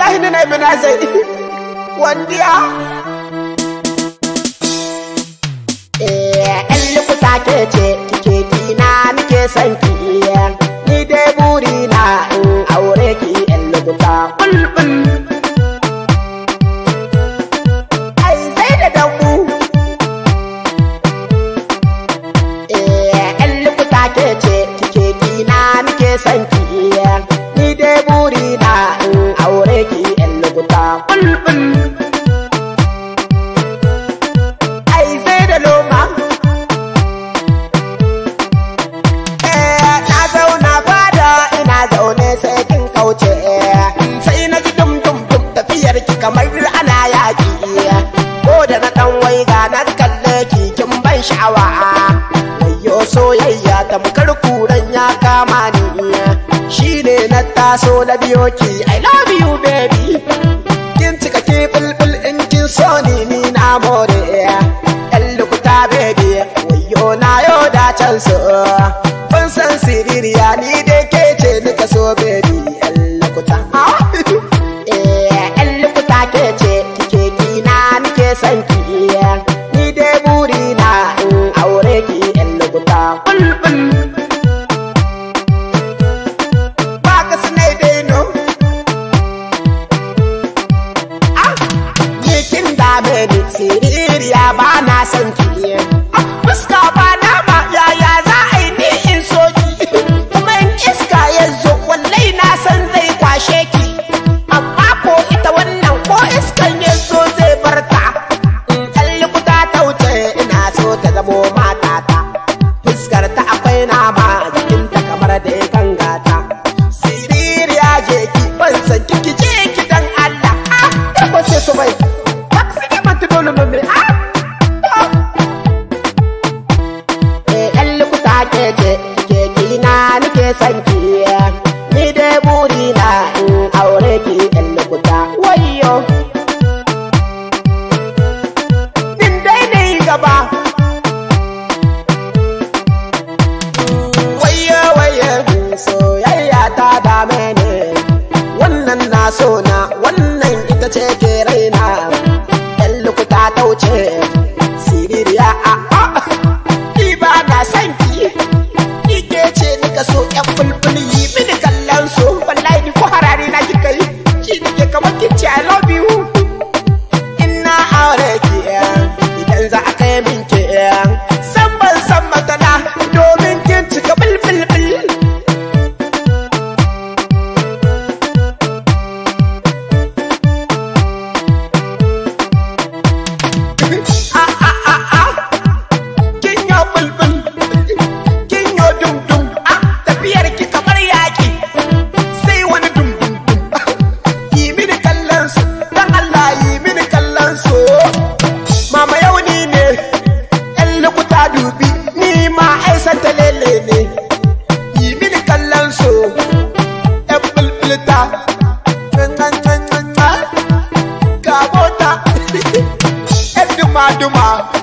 wallahi ni na bina zai yi, wandiya eh ɗan lukuta ke ce kike kina muke son ki ni dai buri na in aure ki ɗan lukuta bulbul ai zai da dambu eh ɗan lukuta ke ce kike kina muke son ki kamar ana yaki ko da na ɗan waiga na kalle kikin ban sha'awa wayo soyayya tamkar kuran ya kama ni shi ne na taso na biyo ki i love you baby kin cika ke bulbul in kin so ni ni na more yan lukuta baby wayo na yau da can so Get so my.